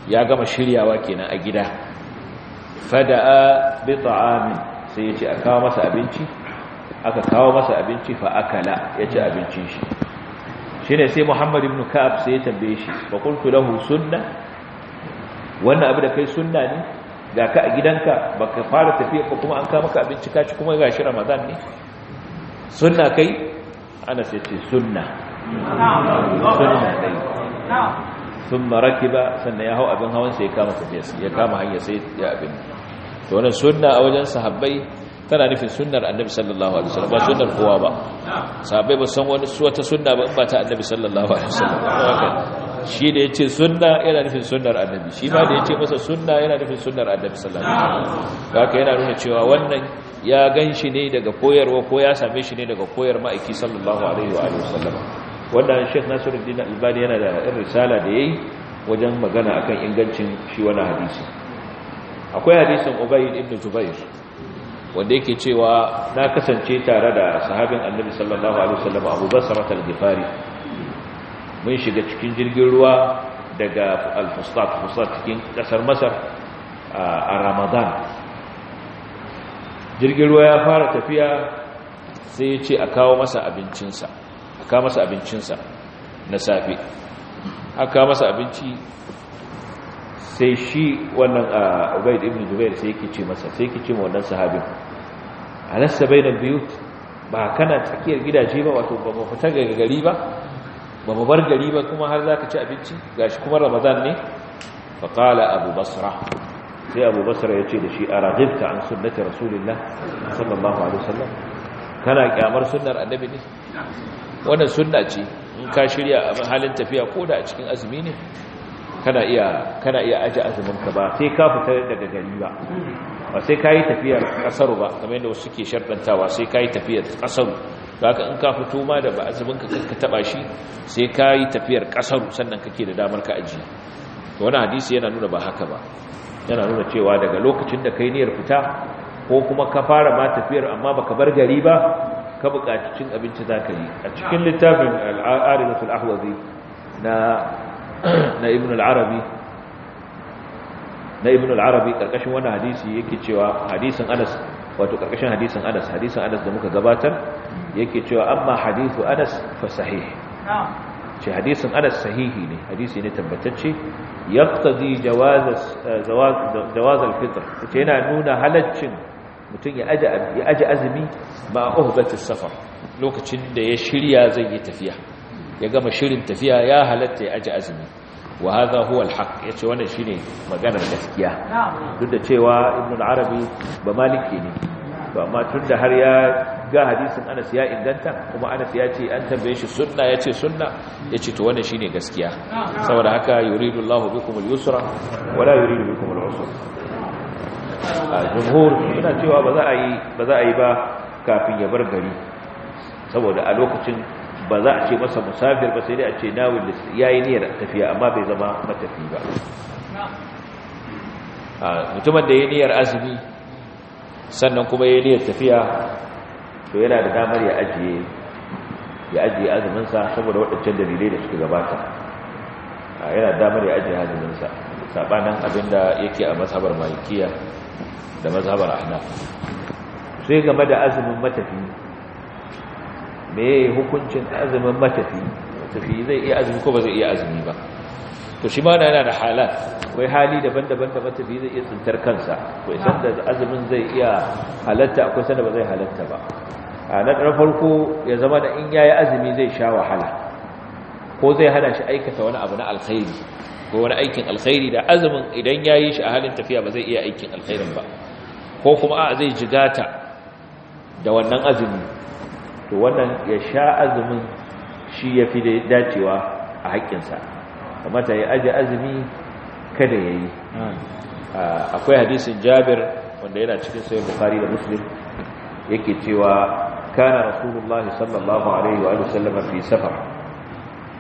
ya gama shiryawa kenan a gida fada'a bi ta'amin sai ya ci a kawo masa abinci aka kawo masa abinci fa akala ya ci abincin shi ne sai Muhammad ibn Ka'ab sai ya tambaye shi fa qultu lahu sunna wannan abu da kai sunna ne ga ka a gidanka baka fara tafiya ko kuma an ka abinci ka ci kuma shi Ramadan ne sunna kai ana sai ce sunna sunna kai sun rakiba sannan ya hau abin hawan sai ya kama tafiya ya kama hanya sai ya abin to wannan sunna a wajen sahabbai tana nufin sunnar annabi sallallahu alaihi wasallam ba sunnar kowa ba sahabbai ba san wani wata sunna ba in ba ta annabi sallallahu alaihi wasallam shi da yace sunna yana nufin sunnar annabi shi ma da yace masa sunna yana nufin sunnar annabi sallallahu alaihi wasallam haka yana nuna cewa wannan ya ganshi ne daga koyarwa ko ya same shi ne daga koyar ma'aiki sallallahu alaihi wa alihi wasallam wannan Sheikh Nasiruddin Albani yana da irin risala da yayi wajen magana akan ingancin shi wannan hadisi akwai hadisin Ubayd ibn Zubair wanda yake cewa na kasance tare da sahabin annabi sallallahu alaihi wasallam Abu Basra al-Ghifari mun shiga cikin jirgin ruwa daga al-Fustat Fustat cikin kasar Masar a Ramadan jirgin ruwa ya fara tafiya sai ya ce a kawo masa abincinsa a kawo masa abincinsa na safe aka masa abinci sai shi wannan ubaid ibn jubair sai yake ce masa sai yake ce ma wannan sahabin alasta bainal buyut ba kana tsakiyar gidaje ba wato ba mu fita daga gari ba ba mu bar gari ba kuma har zaka ci abinci gashi kuma ramadan ne fa qala abu basra sai abu basra yace da shi araghibta an sunnati rasulillah sallallahu alaihi wasallam kana kyamar sunnar annabi ne wannan sunna ce in ka shirya halin tafiya ko da a cikin azumi ne kana iya kana iya aje azumin ka ba sai ka fita daga gari ba ba sai kai tafiyar kasar ba kamar yadda ke sharɗantawa sai kai tafiyar kasar zaka in ka fito ma da ba azumin ka taba shi sai kai tafiyar kasar sannan kake da damar ka aje to wannan hadisi yana nuna ba haka ba yana nuna cewa daga lokacin da kai niyyar fita ko kuma ka fara ma tafiyar amma baka bar gari ba ka buƙaci cin abinci zaka yi a cikin littafin al-aridatul ahwazi na na ibn al-arabi na ibn al-arabi karkashin wannan hadisi yake cewa hadisin Anas wato karkashin hadisin Anas hadisin Anas da muka gabatar yake cewa amma hadithu Anas fa sahih ce hadisin Anas sahihi ne hadisi ne tabbatacce yaqtadi jawaz eh, jawaz al-fitr ce yana nuna halaccin mutum ya aje ya aje azumi ba uhbatis safar lokacin da ya shirya zai yi tafiya ya gama shirin tafiya ya halatta ya aji azumi wa hadha huwa alhaq yace wannan shine maganar gaskiya duk da cewa ibnu arabi ba maliki ne to amma tunda har ya ga hadisin Anas ya inganta kuma Anas ya ce an tambaye shi sunna ya ce sunna ya ce to wannan shine gaskiya saboda haka yuridu Allahu bikum al-yusra wa la yuridu bikum al-usra jumhur suna cewa a yi ba za a yi ba kafin ya bar gari saboda a lokacin ba za a ce masa musafir ba sai dai a ce nawil ya yi niyyar tafiya amma bai zama matafi ba mutumin da ya niyyar azumi sannan kuma ya niyyar tafiya to yana da damar ya ajiye ya ajiye azuminsa saboda waɗancan dalilai da suka gabata yana da damar ya ajiye azuminsa saɓanin abin da yake a mazhabar malikiya da mazhabar ahnaf sai game da azumin matafi me hukuncin azumin matafi matafi zai iya azumi ko ba zai iya azumi ba to shi yana da halan akwai hali daban-daban da matafi zai iya tsintar kansa akwai sanda azumin zai iya halatta akwai sanda ba zai halatta ba a na farko ya zama da in yayi azumi zai sha wahala ko zai hana shi aikata wani abu na alkhairi ko wani aikin alkhairi da azumin idan yayi shi a halin tafiya ba zai iya aikin alkhairin ba ko kuma a zai jigata da wannan azumi to wannan ya sha azumin shi ya fi dacewa a Kamar ta ya aji azumi kada ya yi hmm. ah, akwai hadisin jabir wanda yana cikin sayar bukari da muslim yake cewa kana rasulullahi sallallahu alaihi wa sallama fi safar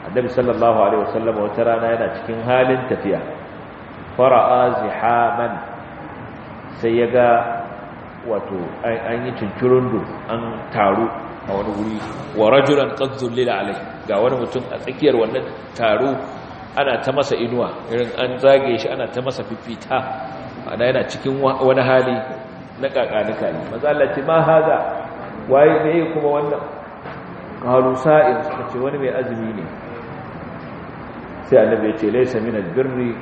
annabi sallallahu alaihi wa sallama wata rana yana cikin halin tafiya fara'a zihaman sai ya ga wato an yi cincirundu an taru a wani wuri wa rajulan qad zullila alai ga wani mutum a tsakiyar wannan taro ana ta masa inuwa irin an zage shi ana ta masa fifita ana yana cikin wani hali na kakanika ne mazalati ma haza waye ne kuma wannan qalu sa'ir suka ce wani mai azumi ne sai annabi ya ce laysa min al-birri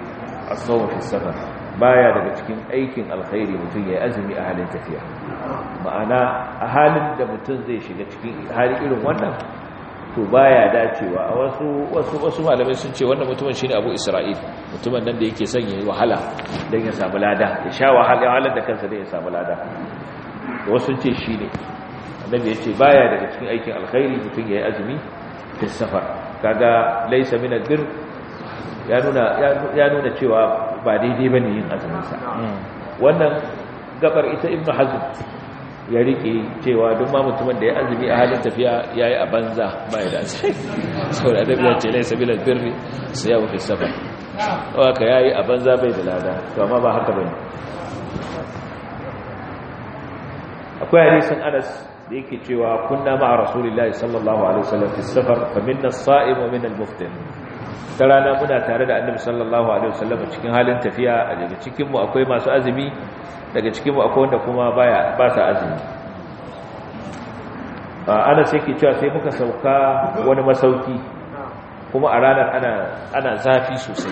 as-sawm fi safar baya daga cikin aikin alkhairi mutum ya azumi a halin tafiya ma'ana a halin da mutum zai shiga cikin hali irin wannan to baya dacewa a wasu wasu wasu malamai sun ce wannan mutumin shine Abu Isra'il mutumin nan da yake son yayi wahala dan ya samu lada ya sha wahala wahalar da kansa dan ya samu lada wasu sun ce shine annabi yace baya daga cikin aikin alkhairi mutum yayi azumi fi safar kaga laysa min ad ya nuna ya nuna cewa ba daidai ba ne yin azuminsa wannan gabar ita ibn hazm ya rike cewa duk ma mutumin da ya azumi a halin tafiya ya yi a banza ba ya dace sau da adabi *laughs* ce lai sabilar birni su yawon fi saba waka ya yi a banza bai da lada to amma ba haka bai akwai hadisin anas da yake cewa kunna ma a rasulillahi sallallahu alaihi wasallam fi safar fa minna saim wa minna muftin. ta rana muna tare da annabi sallallahu alaihi wasallam cikin halin tafiya daga cikin mu akwai masu azumi daga cikin mu akwai wanda kuma baya ba sa azumi A ana sai ke cewa sai muka sauka wani masauki kuma a ranar ana ana zafi sosai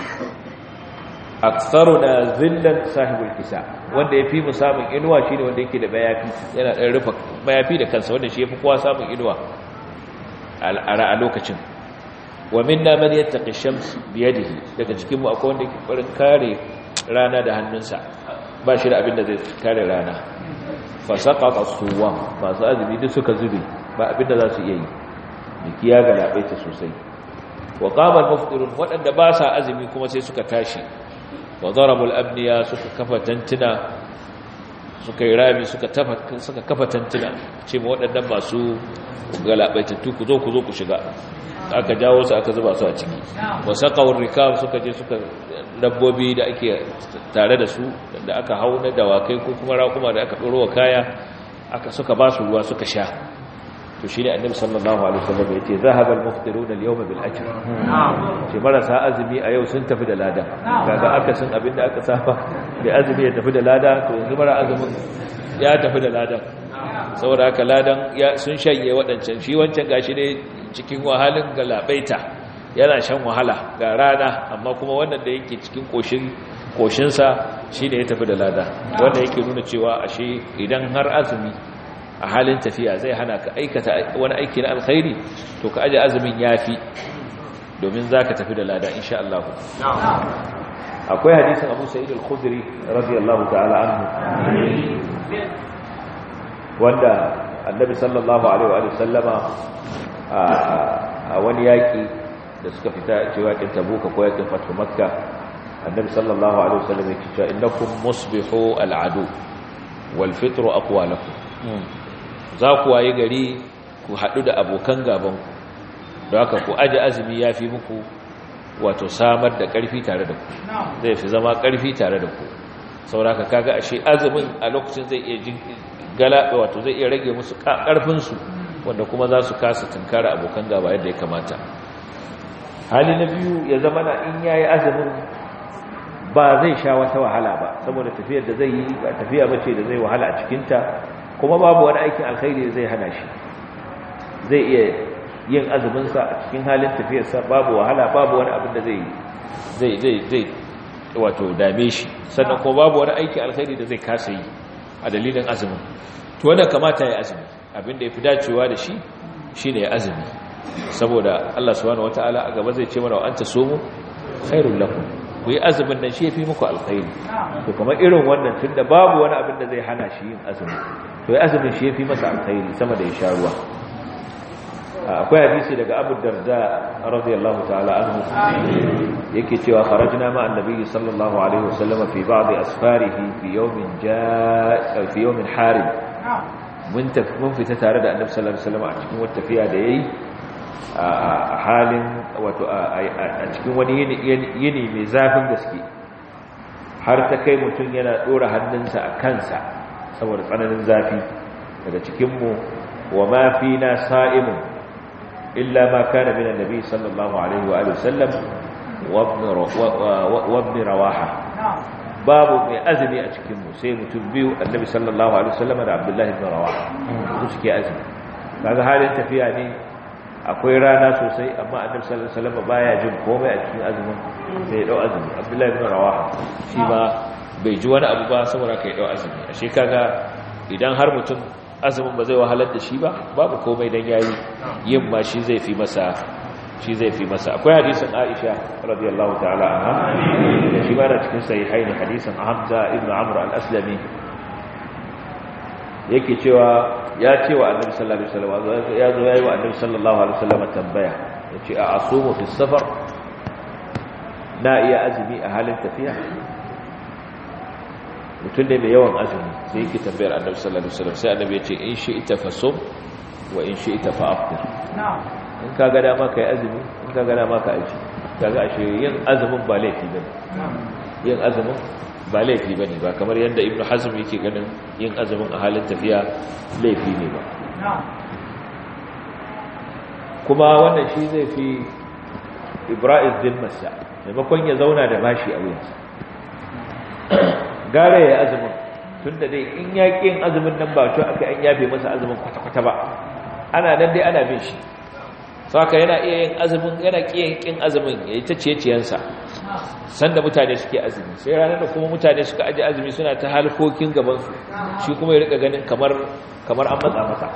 da zillan sahibul kisa wanda yafi mu samun inuwa shine wanda yake da bayafi yana dan rufa bayafi da kansa wanda shi yafi kowa samun inuwa a lokacin wa minna man yattaqi shams bi daga cikin mu akwai wanda yake farin kare rana da hannunsa ba shi da abin da zai kare rana fa saqata suwam masu azumi duk suka zube ba abin da za su iya yi jiki ya galabaita sosai wa qama al wadanda ba sa azumi kuma sai suka tashi wa darabu al-abniya suka kafa tantuna suka yi rami suka tafa suka kafa tantuna ce ma wadannan masu galabaitattu ku zo ku zo ku shiga aka jawo su aka zuba su a ciki wa saqawur rikab suka je suka dabbobi da ake tare da su da aka hau na dawakai ko kuma raƙuma da aka ɗoro kaya aka suka ba su ruwa suka sha to shi ne annabi sallallahu alaihi wasallam ya ce zahaba al-muftiruna al-yawma bil ajr ce marasa azumi a yau sun tafi da lada kaga aka san abin da aka saba da azumi ya tafi da lada to yanzu mara azumin ya tafi da lada saboda haka ladan sun shanye waɗancan shi wancan gashi ne cikin wahalin galabaita yana shan wahala ga rana amma kuma wannan da yake cikin koshin koshinsa shi ne ya tafi da lada wanda yake nuna cewa ashe idan har azumi a halin tafiya zai hana ka aikata wani aiki na alkhairi to ka aje azumin yafi domin za ka tafi da lada insha Allah akwai hadisin abu sa'id al-khudri radiyallahu ta'ala anhu wanda annabi sallallahu alaihi wa sallama a wani yaki da suka fita cewa yakin tabuka ko yakin fatu makka annabi sallallahu alaihi wa sallam yake cewa innakum musbihu al'adu wal fitru aqwa lakum hmm. za ku waye gari ku hadu da abokan gaban ku don haka ku aje azumi yafi muku wato samar da ƙarfi tare da ku zai fi zama ƙarfi tare da ku sauraka kaga ashe azumin a lokacin zai iya galaɓe wato zai iya rage musu ƙarfinsu wanda kuma za su kasa tunkara abokan gaba yadda ya kamata hali na biyu ya zama na in ya yi azumin ba zai sha wata wahala ba saboda tafiyar da zai yi ba tafiya ba ce da zai wahala a cikinta kuma babu wani aikin alkhairi zai hana shi zai iya yin azuminsa a cikin halin tafiyarsa babu wahala babu wani abin da zai zai zai wato dame shi sannan kuma babu wani aikin alkhairi da zai kasa yi a dalilin azumin to wanda kamata ya yi azumi abinda ya fi dacewa da shi shi ne ya azumi saboda Allah subhanahu wataala a gaba zai ce mana wa anta somo khairul lakum ku yi azumin nan shi ya fi muku alkhairi to kamar irin wannan tunda babu wani abin da zai hana shi yin azumi to ya azumin shi ya fi masa alkhairi sama da ya sha ruwa akwai hadisi daga abu darda radiyallahu ta'ala anhu yake cewa kharajna ma annabi sallallahu alaihi wasallam fi ba'd asfarihi fi yawmin ja'a fi yawmin harim mun tafi mun fita tare da annabi sallallahu alaihi wasallam a cikin wata tafiya da yayi a halin wato a cikin wani yini mai zafin gaske har ta kai mutum yana dora hannunsa a kansa saboda tsananin zafi daga cikin mu wa ma na sa'imun إلا ما كان من النبي صلى الله عليه وآله وسلم وابن, وابن رواحة باب من أزمي أتكمه سيمتبيه النبي صلى الله عليه وسلم عبد الله بن رواحة تسكي أزمي kaga halin tafiya ne akwai rana sosai amma annabi sallallahu alaihi wasallam baya jin komai a cikin azumin abdullahi ibn rawaha shi bai ji wani abu ba saboda kai dau azumi ashe kaga idan har mutum azumin ba zai wahalar da shi ba babu komai dan yayi yin ma shi zai fi masa shi zai fi masa akwai hadisin Aisha radiyallahu ta'ala anha da shi ba da cikin sahihain hadisin Hamza ibn Amr al-Aslami yake cewa ya ce wa annabi sallallahu alaihi wasallam ya zo yayi wa annabi sallallahu alaihi wasallam tambaya yace a asumu fi safar na iya azumi a halin tafiya mutum ne mai yawan azumi sai yake tambayar annabi sallallahu alaihi wasallam sai annabi ya ce in shi ita fa sum wa in shi ita fa fa'aftir in ka ga dama kai azumi in ka ga dama ka aji kaga ashe yin azumin ba laifi bane yin azumin ba laifi bane ba kamar yadda ibnu hazm yake ganin yin azumin a halin tafiya laifi ne ba kuma wannan shi zai fi ibra'iz din masa maimakon ya zauna da bashi a wuyansa gara ya azumin tun da dai in ya azumin nan ba to aka an yafe masa azumin kwata-kwata ba ana nan dai ana bin shi saka yana iya yin azumin yana ƙin azumin ya yi ta ciye-ciyensa sanda mutane suke azumi sai ranar da kuma mutane suka aji azumi suna ta halkokin gabansu shi kuma ya rika ganin kamar kamar an matsa masa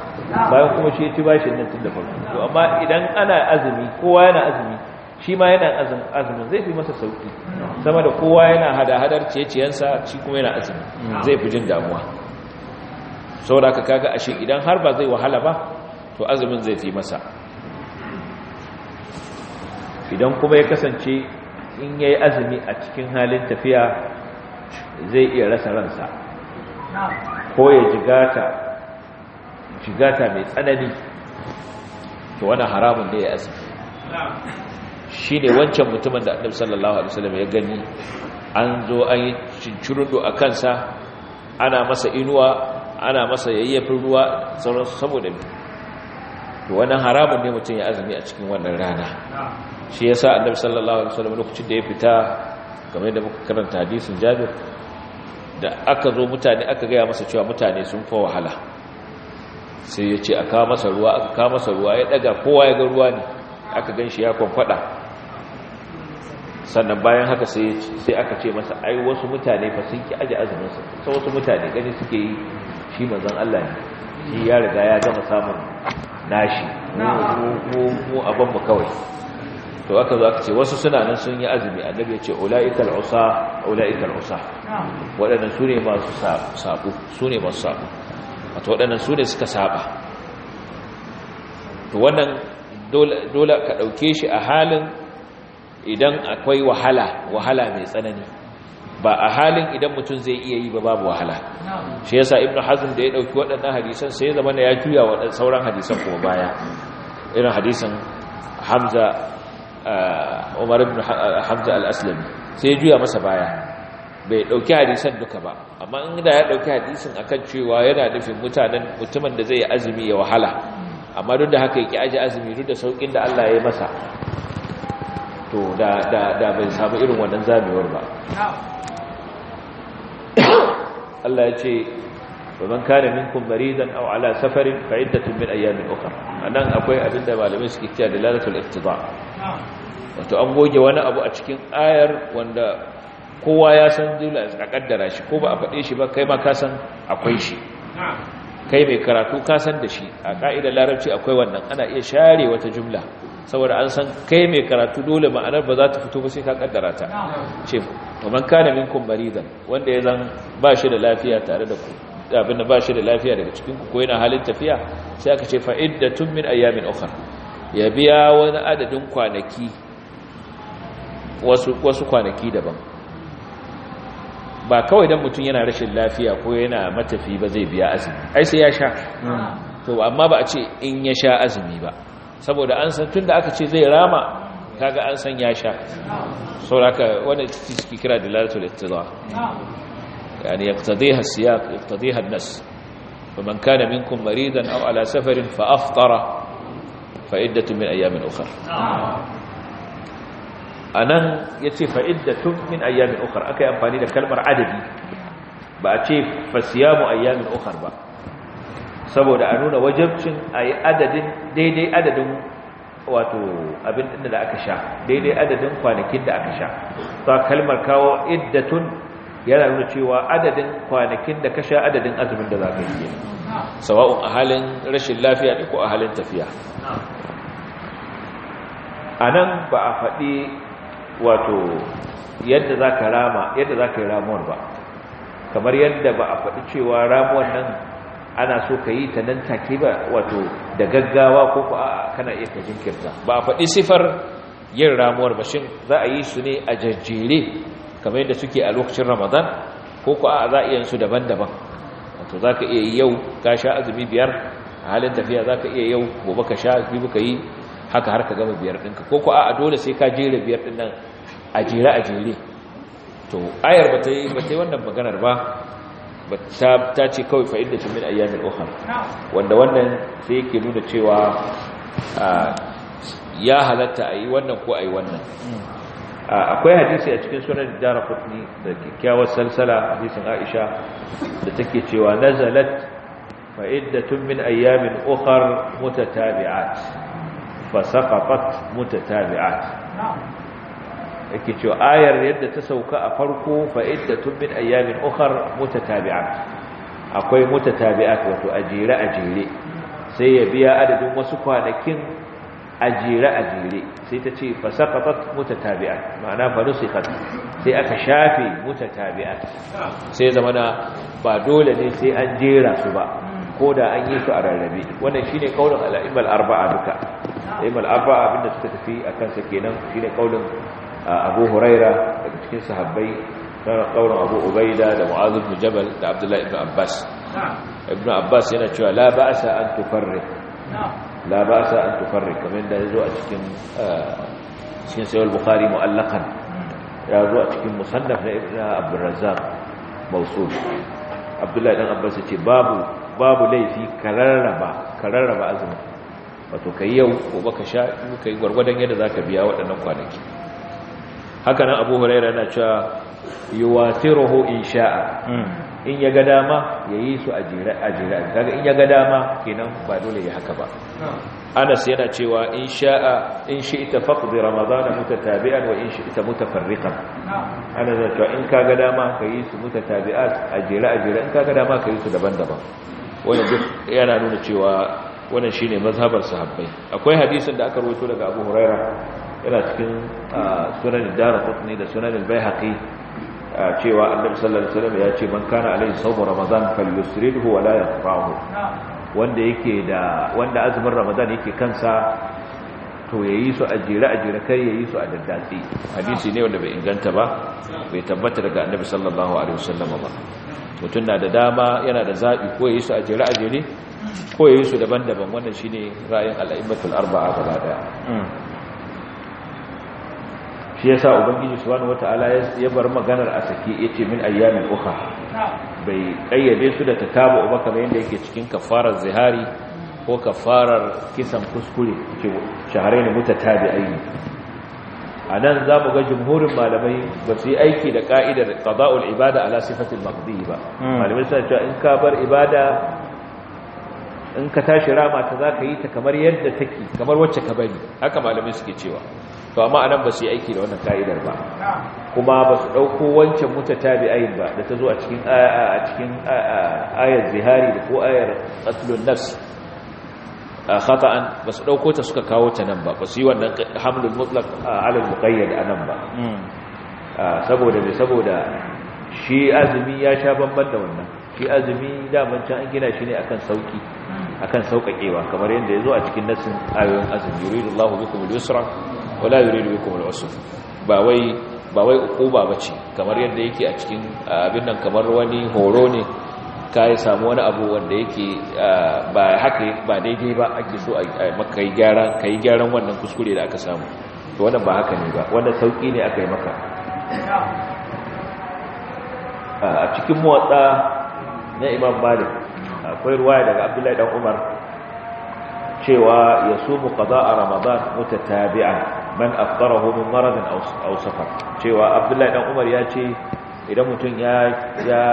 bayan kuma shi ya ci bashin nan tun da farko to amma idan ana azumi kowa yana azumi shi ma yana azumin zai fi masa sauki sama da kowa yana hada-hadar ciye-ciyensa shi kuma yana azumi zai fi jin damuwa da ka kaga ashe idan har ba zai wahala ba to azumin zai fi masa idan kuma ya kasance in ya yi azumi a cikin halin tafiya zai iya rasa ransa ko ya jigata mai tsanani to wani haramun da ya azumi Shi ne wancan mutumin da annabi sallallahu alaihi wasallam ya gani an zo an yi cincirudu a kansa ana masa inuwa ana masa yayyafin ruwa sauran saboda me to wannan haramun ne mutum ya azumi a cikin wannan rana shi yasa annabi sallallahu alaihi wasallam lokacin da ya fita kamar da muka karanta hadisin Jabir da aka zo mutane aka gaya masa cewa mutane sun fa wahala sai ya ce a kawo masa ruwa aka masa ruwa ya daga kowa ya ga ruwa ne aka gan shi ya kwankwada sannan bayan haka sai aka ce masa ai wasu mutane fa sun ki aje azumin su sai wasu mutane gani suke yi shi manzon Allah ne shi ya riga ya gama samun nashi mu mu abin mu kawai to aka zo aka ce wasu suna nan sun yi azumi annabi ya ce ulaikal usa ulaikal usa waɗannan su ne masu saɓo, su ne masu wato waɗannan su ne suka saba to wannan dole ka ɗauke shi a halin idan akwai wahala wahala mai tsanani ba a halin idan mutum zai iya yi ba babu wahala shi yasa ibnu hazm da ya dauki waɗannan hadisan sai zama ya juya waɗannan sauran hadisan kuma baya irin hadisan hamza uh, umar ibn uh, hamza al-aslami sai ya juya masa baya bai dauki hadisan duka ba amma in da ya dauki hadisin akan cewa yana nufin mutanen mutumin da zai yi azumi ya wahala amma duk da haka yake ajiye azumi duk da saukin da Allah ya yi masa to da bai samu irin wannan zamewar ba *coughs* Allah ya ce wa man kana minkum maridan aw ala safarin fa iddatun min ayamin ukhra anan akwai abinda malamai suke cewa dalalatul iftida wato an goge wani abu a cikin ayar wanda kowa ya san dole a kaddara shi ko ba a faɗe shi ba kai ma ka san akwai shi kai mai karatu ka san da shi a ka'idar larabci akwai wannan ana iya share wata jumla saboda an san kai mai karatu dole ma'anar ba za ta fito ba sai ka kaddara ta ce man kana minkum maridan wanda ya zan ba shi da lafiya tare da ku abin ba shi da lafiya daga cikin ku ko yana halin tafiya sai aka ce fa'iddatun tun min ayamin ukhra ya biya wani adadin kwanaki wasu wasu kwanaki daban ba kawai dan mutum yana rashin lafiya ko yana matafi ba zai biya azumi ai sai ya sha to amma ba a ce in ya sha azumi ba saboda an san tunda aka ce zai rama kaga an san ya sha saboda sauraka wanda ita ciki kira da dalalatul ittiza yani yaqtadiha siyaq yaqtadiha an-nas faman kana minkum maridan aw ala safarin fa aftara fa iddatu min ayamin ukhra anan yace fa iddatu min ayamin ukhra akai amfani da kalmar adadi ba a ce fa siyamu ayamin ukhra ba saboda a nuna wajabcin a yi adadin daidai adadin wato abin din da aka sha daidai adadin kwanakin da aka sha ta kalmar kawo iddatun yana nuna cewa adadin kwanakin da ka sha adadin azumin da za ka yi sawa'un a halin rashin lafiya da ko a halin tafiya a nan ba a faɗi wato yadda za ka rama yadda za ka yi ramuwar ba kamar yadda ba a faɗi cewa ramuwar nan ana so ka yi ta nan take ba wato da gaggawa ko ku a kana iya ka jinkirta ba a faɗi sifar yin ramuwar bashin za a yi su ne a jajjere kamar yadda suke a lokacin ramadan ko ku a za a iya su daban-daban wato za ka iya yau ka sha azumi biyar a halin tafiya za ka iya yau gobe ka sha biyu ka yi haka har ka gama biyar ɗinka ko ku a dole sai ka jera biyar ɗin nan a jere a jere to ayar ba ta yi wannan maganar ba ta ce kawai fa'idda da min ayyamin uhar wanda wannan sai yake nuna cewa ya halatta a yi wannan ko a yi wannan akwai hadisi a cikin sunan jihar kutni da kyakkyawar salsala hadisin aisha da take cewa nazalat fa'idda tun min ayyamin uhar mutatabi'at fa saqatat mutatabi'at yake cewa ayar yadda ta sauka a farko fa'idda iddatun min ayyamin ukhar mutatabi'at akwai mutatabi'at wato ajira ajire sai ya biya adadin wasu kwanakin ajira ajire sai ta ce fa saqatat mutatabi'at ma'ana fa sai aka shafe mutatabi'at sai zamana ba dole ne sai an jera su ba ko da an yi su a rarrabe wannan shine kaulin al-a'immal arba'a duka al-a'immal arba'a abinda suka tafi akan sa kenan shine kaulin abu huraira daga cikin sahabbai kan kauran abu ubaida da mu'adh ibn jabal da Abdullahi ibn abbas ibn abbas yana cewa la ba'sa an tufarriq la ba'sa an tufarriq kamar da yazo a cikin cikin sahih bukhari mu'allaqan ya zo a cikin musannaf na ibn abdul razzaq mawsul abdullah ibn abbas yace babu babu laifi kararraba kararraba azumi wato kai yau gobe ka sha kai gwargwadon yadda zaka biya waɗannan kwanaki haka nan abu huraira na cewa yuwatiruhu in sha'a hmm. in ya ga dama ya yi su a jere a kaga in ya ga dama kenan ba dole ya haka ba Anas yana cewa in sha'a in shi'ta faqdi ramadana mutatabi'an wa in shi'ta mutafarriqan Anas yana cewa in ka ga dama ka yi su mutatabi'at a jere a jere in ga dama ka yi su daban-daban wannan duk yana nuna cewa wannan shine mazhabar sahabbai akwai hadisin da aka rawaito daga Abu Hurairah yana cikin sunan dara kutni da sunan albayhaqi cewa annabi sallallahu alaihi wasallam ya ce man kana alaihi sawm ramadan falyusridhu wa la wanda yake da wanda azumin ramadan yake kansa to yayi su a jira a jira kai yayi su a daddatsi hadisi ne wanda bai inganta ba bai tabbata daga annabi sallallahu alaihi wasallam ba mutum na da dama yana da zabi ko yayi su a jira a jere ko yayi su daban-daban wannan shine ra'ayin al-a'immatul arba'a gaba daya hmm. shi yasa ubangiji subhanahu wataala ya bar maganar a saki yace min ayyamin uka bai kayyade su da tataba uba kamar yanda yake cikin kafarar zihari ko kafarar kisan kuskure ce shahararren mutatabi'ai a nan za mu ga jumhurin malamai ba su yi aiki da ka'idar qada'ul ibada ala sifatil maqdi ba hmm. malamai suna cewa in ka bar ibada in ka tashi rama ta za ka yi ta kamar yadda take kamar wacce ka bari haka malamai suke cewa to amma anan ba su yi aiki da wannan ka'idar ba kuma ba su ɗauko wancan mutatabi'ain ba da ta zo a cikin a cikin zihari da ko ayar qatlun nafs khata'an ba su ɗauko ta suka kawo ta nan ba ba su yi wannan hamlul mutlaq ala muqayyad anan ba hmm. saboda me saboda shi azumi ya sha bamban da wannan shi azumi da can an gina shi ne akan sauki hmm. akan sauƙaƙewa kamar yadda ya zo a cikin nassin ayoyin azumi yuridullahu bikum al-yusra wala yuridu bikum al-usr ba wai ba wai ukuba bace kamar yadda yake a cikin abin nan kamar wani horo ne ka samu wani abu wanda yake ba haka ba daidai ba ake so a maka yi gyara ka gyaran wannan kuskure da aka samu to wannan ba haka ne ba wannan sauki ne aka yi maka a cikin motsa na imam malik akwai ruwaya daga abdullahi dan umar cewa ya sumu qada'a ramadan tabi'a. man afdarahu min maradin aw safar cewa abdullahi dan umar ya ce idan mutum ya ya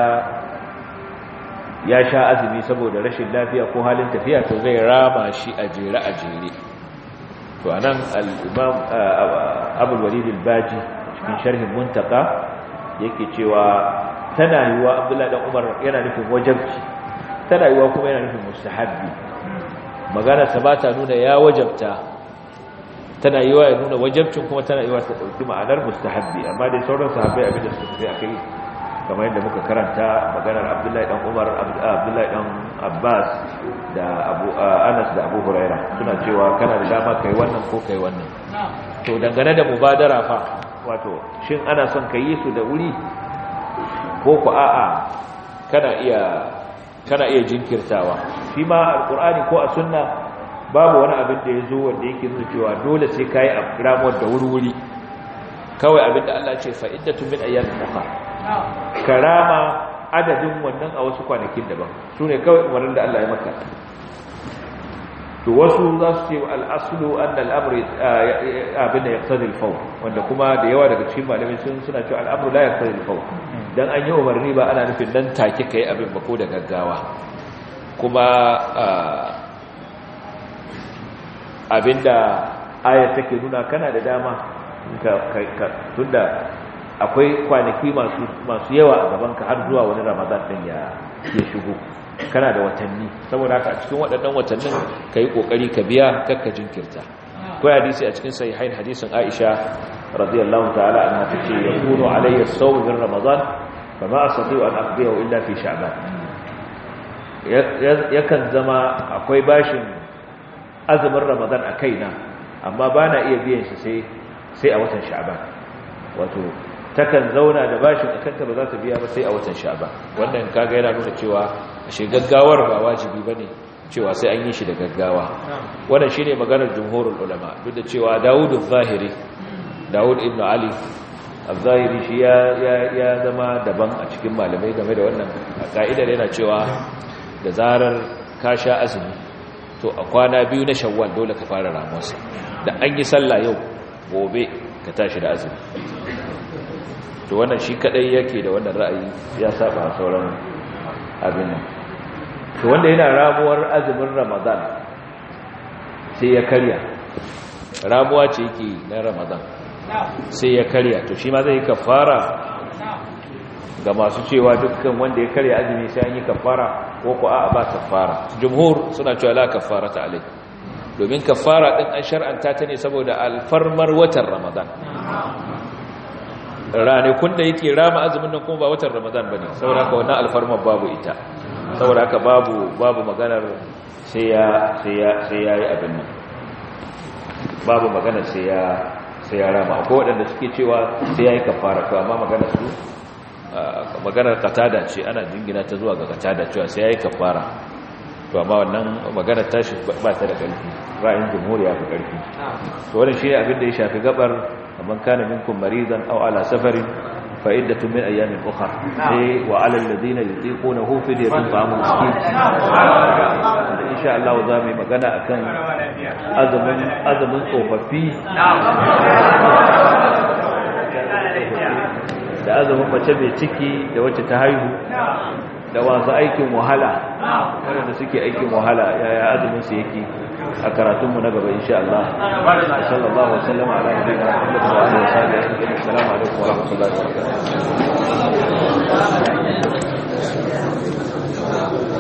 ya sha azumi saboda rashin lafiya ko halin tafiya to zai rama shi a jere a jere to anan al-imam abul walid al-baji cikin sharhin muntaka yake cewa tana yiwa abdullahi dan umar yana nufin wajabci tana yiwa kuma yana nufin mustahabbi magana sa ba nuna ya wajabta tana yi wa ya nuna wajabcin kuma tana yi wa ta ɗauki ma'anar mustahabbi amma dai sauran sahabbai abin da suka fi a kai kamar yadda muka karanta maganar abdullahi dan umar ah, abdullahi dan abbas da abu ah, anas da abu huraira suna cewa kana da dama kai wannan ko kai wannan to dangane da mubadara fa wato shin ana son ka yi su da wuri ko ku a'a kana iya kana iya jinkirtawa shi ma alqur'ani ko a sunna babu wani abin da ya zo wanda yake nuna cewa dole sai ka yi a ramuwar da wuri kawai abin da Allah ce tun fa'iddatun min ayyamin ukhra karama adadin wannan a wasu kwanakin daban su ne kawai umarnin da Allah ya maka to wasu za su ce al'asulu an al'amur eh, eh, abin da ya tsari alfawar wanda kuma da yawa daga cikin malamin sun suna cewa al'amur la ya tsari alfawar don an yi umarni ba ana nufin nan take ka yi abin ba ko da gaggawa kuma eh, abinda ayar take nuna kana da dama tunda akwai kwanaki masu yawa a gabanka har zuwa wani ramadan din ya shigo kana da watanni saboda haka a cikin waɗannan watannin ka yi ƙoƙari ka biya kakka jinkirta kawai hadisi a cikin sahihain hadisin aisha radiyallahu ta'ala anha ya kuno alayya sawm min ramadan fama astati'u an aqdiyahu illa fi sha'ban yakan zama akwai bashin azumin ramadan a kaina amma ba na iya biyan shi sai a watan sha'aba wato takan zauna da bashin a kanta ba za ta biya ba sai a watan sha'aba. wannan kaga yana nuna cewa shi gaggawar ba wajibi ba ne cewa sai an yi shi da gaggawa wannan shi ne maganar jumhurin ulama duk da cewa dawudu zahiri dawud ibn ali zahiri shi ya zama daban a cikin malamai game da wannan ka'idar yana cewa da zarar ka sha azumi to a kwana biyu na shawwal dole ka fara ramuwarsa da an yi sallah yau gobe ka tashi da azumi to wannan shi kadai yake da wannan ra'ayi ya saba sauran abin nan to wanda yana ramuwar azumin ramadan sai ya karya ramuwa ce yake na ramadan sai ya karya to shi ma zai fara. ga masu cewa dukkan wanda ya karya azumi sai an yi kafara ko ku, a'a ba kafara jumhur suna cewa la kafara ta alai domin kafara din an shar'anta ta ne saboda alfarmar watan ramadan ranakun da yake rama azumin nan kuma ba watan ramadan bane saboda haka wannan alfarmar babu ita saboda haka babu babu maganar sai ya sai ya sai yayi abin nan babu maganar sai ya sai ya rama Ko waɗanda suke cewa sai ya yi kafara to amma maganar su Ah, maganar katada ce ana jingina ta zuwa ga katada cewa sai yayi kafara to amma wannan maganar tashi ba ta da ƙarfi ra'ayin jumhuriya ya fi ƙarfi to wannan shi abin da ya shafi gabar amma kana minkum maridan aw ala safari fa iddatun min ayamin ukhra eh wa ala alladhina fi fidyatun ta'amu miskin insha Allah za mu yi magana akan azumin azumin tsofaffi da azumin mace mai ciki da wacce ta haihu da wasu aikin wahala wanda suke aikin wahala yaya azumin su yake a karatunmu na gaba insha Allah sallallahu alaihi wasallam ala nabiyina Muhammad wa alihi wasallam assalamu alaikum wa rahmatullahi wa barakatuh